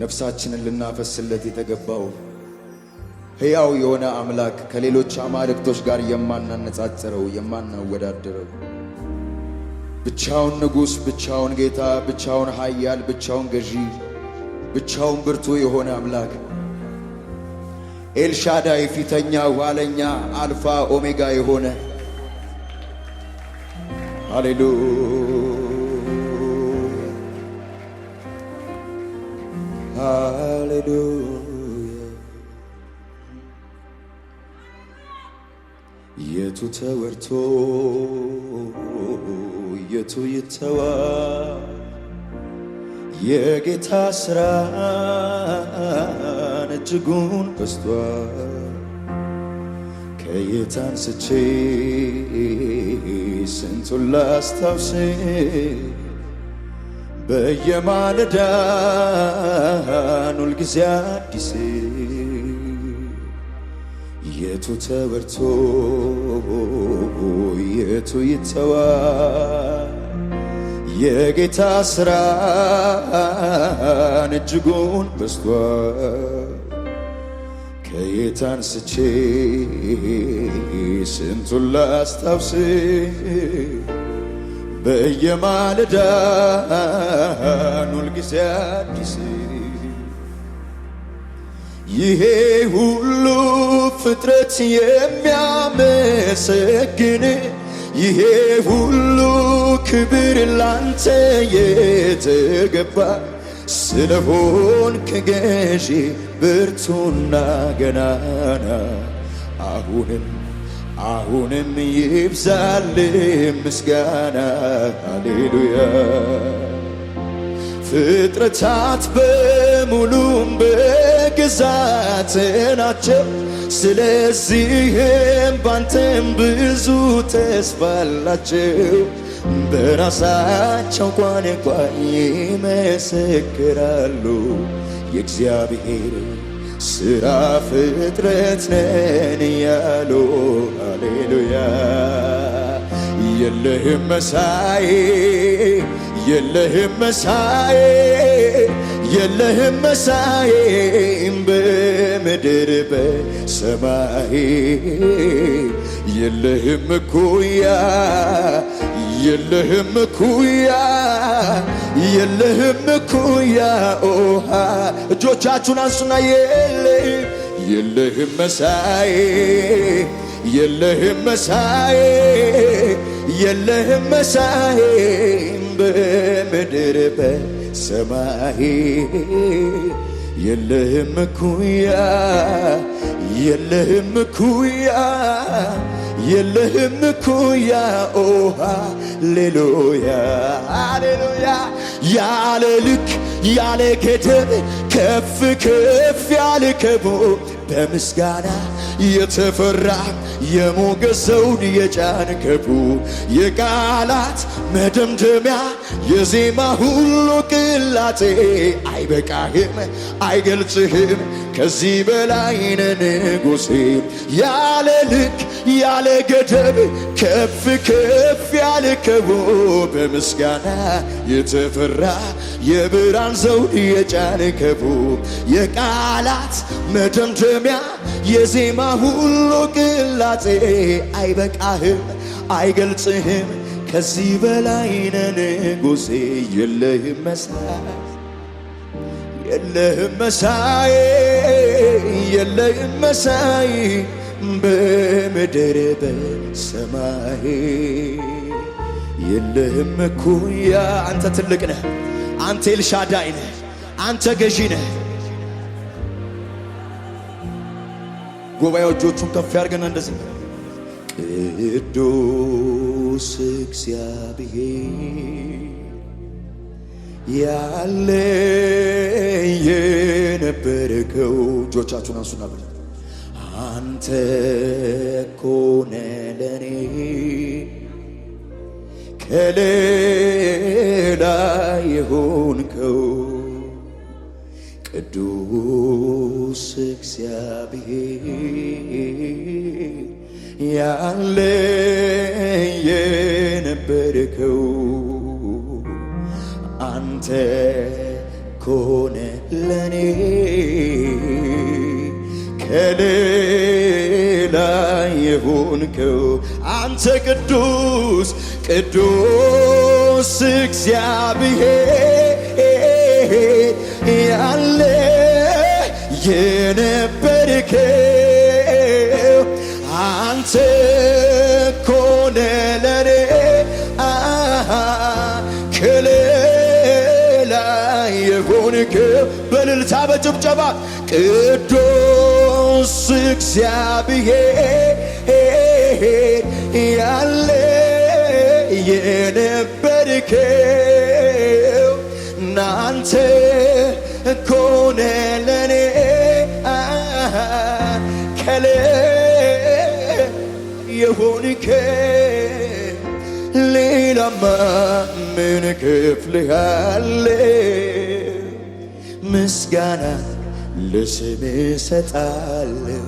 ነፍሳችንን ልናፈስለት የተገባው ሕያው የሆነ አምላክ ከሌሎች አማልክቶች ጋር የማናነጻጽረው የማናወዳደረው ብቻውን ንጉሥ፣ ብቻውን ጌታ፣ ብቻውን ኃያል፣ ብቻውን ገዢ፣ ብቻውን ብርቱ የሆነ አምላክ ኤልሻዳይ፣ ፊተኛ ኋለኛ፣ አልፋ ኦሜጋ የሆነ ሃሌሉያ የቱ ተወርቶ የቱ ይተዋ የጌታ ስራን እጅጉን በስቷል። ከየት አንስቼ ስንቱን ላስታውስ በየማለዳ ሁልጊዜ ጊዜ አዲስ የቱ ተበርቶ የቱ ይተዋ የጌታ ስራን እጅጉን በስቷ ከየታን ስቼ ስንቱን ላስታውስ በየማለዳ ሁልጊዜ አዲስ ይሄ ሁሉ ፍጥረት የሚያመሰግን ይሄ ሁሉ ክብር ላንተ የተገባ ስለሆን ገዢ ብርቱና ገናና አሁንም አሁንም ይብዛል ምስጋና ሃሌሉያ ፍጥረታት በሙሉም በግዛት ናቸው። ስለዚህም ባንተም ብዙ ተስፋ አላቸው። በራሳቸው እንኳን እንኳን ይመሰክራሉ የእግዚአብሔር ስራ ፍጥረት ነን እያሉ ሃሌሉያ የለህም መሳዬ የለህም መሳዬ የለህም መሳዬ በምድር በሰማይ የለህም ኩያ የለህም ኩያ የለህም ኩያ ኦሃ እጆቻችሁን አንሱና የለህ የለህም መሳይ የለህም መሳይ የለህም መሳይ በምድር በሰማይ የለህም ኩያ የለህም ኩያ የለህም ኩያ ኦሃ ሌሉያ ሌሉያ ያለ ልክ ያለ ገደብ ከፍ ከፍ ያልከቦ በምስጋና የተፈራ የሞገስ ዘውድ የጫንከቡ የቃላት መደምደሚያ የዜማ ሁሉ ቅላቴ አይበቃህም፣ አይገልጽህም። ከዚህ በላይ ነህ ያለ ልክ ያለ ገደብ ከፍ ከፍ ያልከው በምስጋና የተፈራ የብራን ዘውድ የጫንከቡ የቃላት መደምደሚያ የዜማ ሁሉ ግላጼ አይበቃህም፣ አይገልጽህም። ከዚህ በላይ ንጉሴ የለህም መሳይ፣ የለህም መሳይ፣ የለህም መሳይ በምድር በሰማይ የለህም እኩያ። አንተ ትልቅ ነህ። አንተ ኤልሻዳይ ነህ። አንተ ገዢ ነህ። ጉባኤው እጆቹን ከፍ ያድርገና እንደዚህ ቅዱስ እግዚአብሔር ያለ የነበርከው እጆቻችሁን አንሱና ብለ አንተ ኮነ ለኔ ከሌላ የሆ ቅዱስ እግዚአብሔር ያለ የነበርከው አንተ ከሆነ ለኔ ከሌላ የሆንከው አንተ ቅዱስ ቅዱስ እግዚአብሔር የነበርከው አንተ ኮነ ለኔ ከሌላ የሆንከው በልልታ በጭብጨባ ቅዱስ እግዚአብሔር ያለ የነበርከው ናንተ ኮነ ለኔ ማዕከሌ የሆንከ ሌላማ ምን ክፍልሃለ ምስጋና ለስም ሰጣለሁ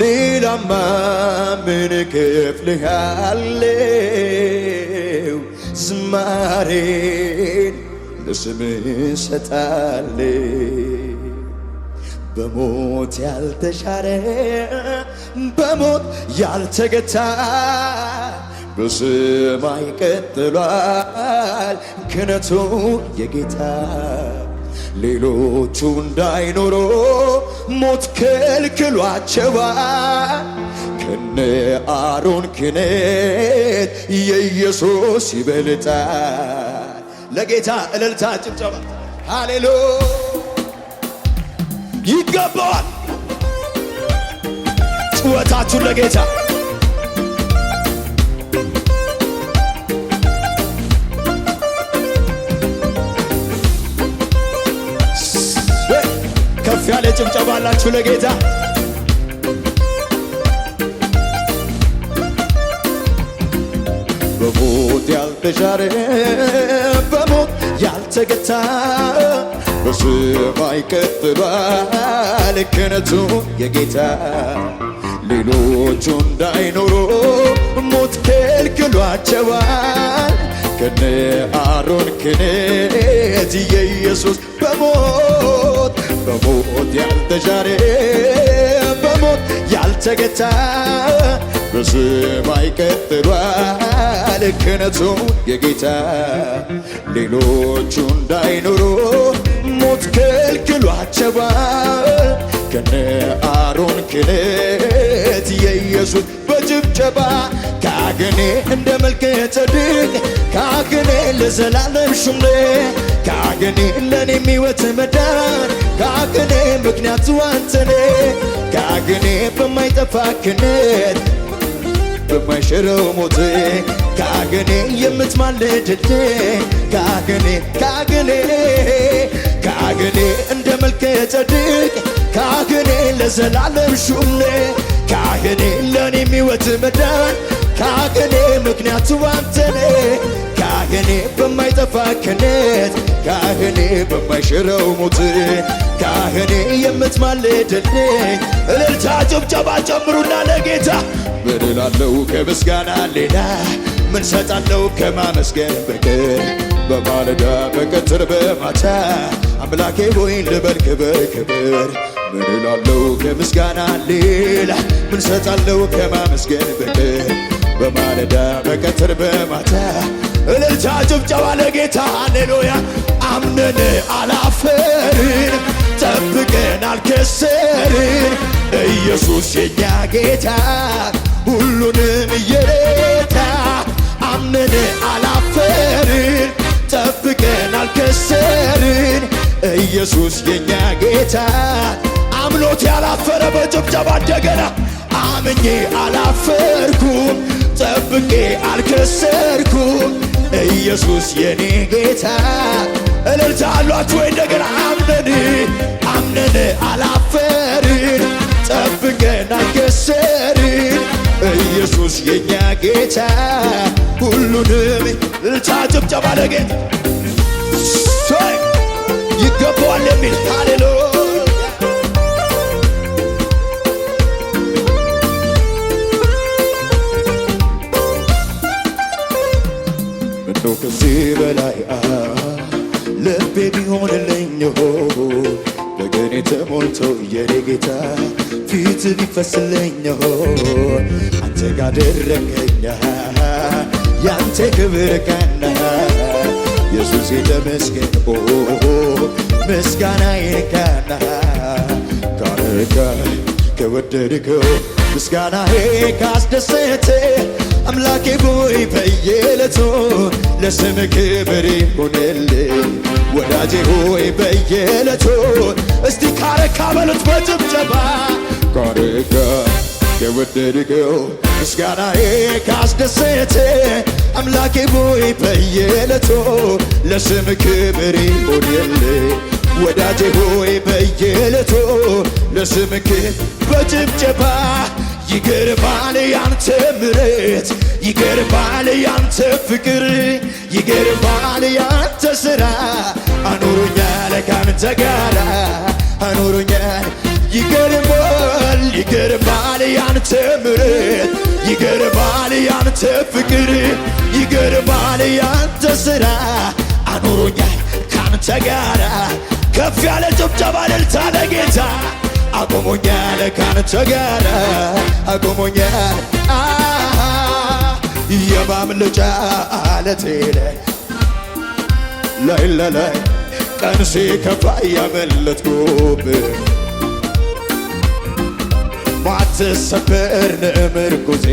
ሌላማ ምን ክፍልሃለው ዝማሬን ለስም ሰጣለሁ በሞት ያልተሻረ በሞት ያልተገታ በሰማይ ቀጥሏል ክነቱ የጌታ ሌሎቹ እንዳይኖሮ ሞት ከልክሏቸዋል። ከነ አሮን ክነት የኢየሱስ ይበልጣ ለጌታ እልልታ ጭብጨባ ሃሌሉያ ይገባዋል። ጩኸታችሁን ለጌታ ከፍ ያለ ጭብጨባ አላችሁ ለጌታ በሞት ያልተሻረ በሞት ያልተገታ በሰማይ ከፍ ባለ ክህነቱ የጌታ ሌሎቹ እንዳይኖሩ ሞት ከልክሏቸዋል። ከነ አሮን ክህነት የኢየሱስ በሞት በሞት ያልተሻረ በሞት ያልተገታ በሰማይ ቀጥሏል ክህነቱ የጌታ ሌሎቹ እንዳይኖሩ ሞት ከልክሏቸዋል ከነ አሮን ክህነት የኢየሱስ በጭብጨባ ካህኔ እንደ መልከ ጼዴቅ ካህኔ ለዘላለም ሹሜ ካህኔ ለኔ ሕይወት መዳን ካህኔ ምክንያቱ አንተኔ ካህኔ በማይጠፋ ክህነት በማይሽረው ሞት ካህኔ የምትማልድልኝ ካህኔ ካህኔ ካህኔ እንደ መልከ ጸድቅ ካህኔ ለዘላለም ሹምኔ ካህኔ ለኔ የሚወት መዳን ካህኔ ምክንያቱ አንተኔ ካህኔ በማይጠፋ ክህነት ካህኔ በማይሽረው ሞት ካህኔ የምትማልድልኝ እልልታ ጭብጨባ ጨምሩና ለጌታ ምን እላለሁ ከምስጋና ሌላ ምን ሰጣለሁ ከማመስገን በቀር በማለዳ በቀትር በማታ አምላኬ ሆይ ልበል ክብር ክብር ምን እላለሁ ከምስጋና ሌላ ምን ሰጣለሁ ከማመስገን በቀር በማለዳ በቀትር በማታ እልልታ ጭብጨባ ለጌታ ሃሌሉያ አምነን አላፈርን ጠብቀን አልከሰርን ኢየሱስ የኛ ጌታ ሁሉንም እየረታ አምነን አላፈርን ጠብቀን አልከሰርን ኢየሱስ የኛ ጌታ አምኖት ያላፈረ በጭብጨባ እንደገና አምኜ አላፈርኩም ጠብቄ አልከሰርኩም ኢየሱስ የኔ ጌታ እልልታ አሏችሁ ወይ እንደገና አምነን አምነን አላፈርን ጠብቀን አልከሰርን ኢየሱስ የኛ ጌታ ሁሉንም እልልታ ጭብጨባ ለጌታ ይገባዋል የሚል ሃሌሉ ምነው ከዚህ በላይ ልቤ ቢሆንልኝ ሆን በገኔ ተሞልቶ የኔ ጌታ ፊት ቢፈስልኝ ሆን አንተ ጋር ደረገኛ ያንተ ክብር ቀና ኢየሱስ የተመስገን ምስጋና ይቀና ካረጋ ከወደድከው ምስጋና ካስደሰት አምላኬ ሆይ በየለቶ ለስም ክብር ሆነል ወዳጄ ሆይ በየለቶ እስቲ ካረካ በሉት በጭብጨባ ካረጋ የወደድከው ምስጋናዬ ካስደሰተ አምላኬ ሆይ በየለቶ ለስም ክብር ሆንል ወዳጄ ሆይ በየዕለቱ ለስም ክብር በጭብጨባ ይገርማል ያንተ ምረት፣ ይገርማል ያንተ ፍቅር፣ ይገርማል ያንተ ስራ አኖሮኛል ካንተ ጋራ አኖሮኛል ይገርማል ይገርማል ያንተ ምሕረት ይገርማል ያንተ ፍቅር ይገርማል ያንተ ስራ አኖሮኛል ካንተ ጋራ ከፍ ያለ ጭብጨባ እልልታ ለጌታ አቆሞኛል ካንተ ጋራ አቆሞኛል የማምለጫ አለቴ ላይ ላይ ቀን ሲከፋ ያመለጥኩብህ ማትሰበር ንእምር ጉዜ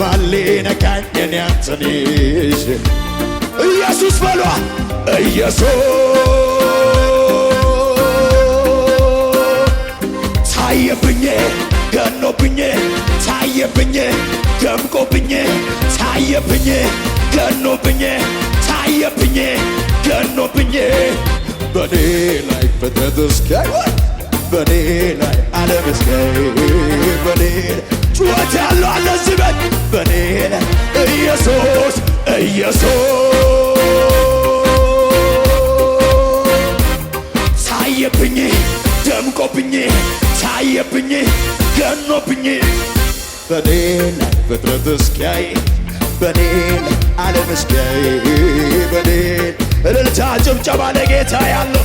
ማሌ ነካኝን ያንትንሽ ኢየሱስ በሏ ኢየሱስ ታየብኝ ገኖብኝ ታየብኝ ደምቆብኝ ታየብኝ ገኖብኝ ታየብኝ ገኖብኝ በኔ ላይ ፍጥረት እስኪ በኔ ላይ አለመስገን በኔ ጩኸት ያለው አለዚህ በል በኔ ላይ ኢየሱስ ኢየሱስ ሳየብኝ ደምቆብኝ ሳየብኝ ገኖብኝ በኔ ላይ ፍጥረት እስኪያይ በኔ ላይ አለመስገን በኔ እልልታ ጭብጨባ ለጌታ ያለው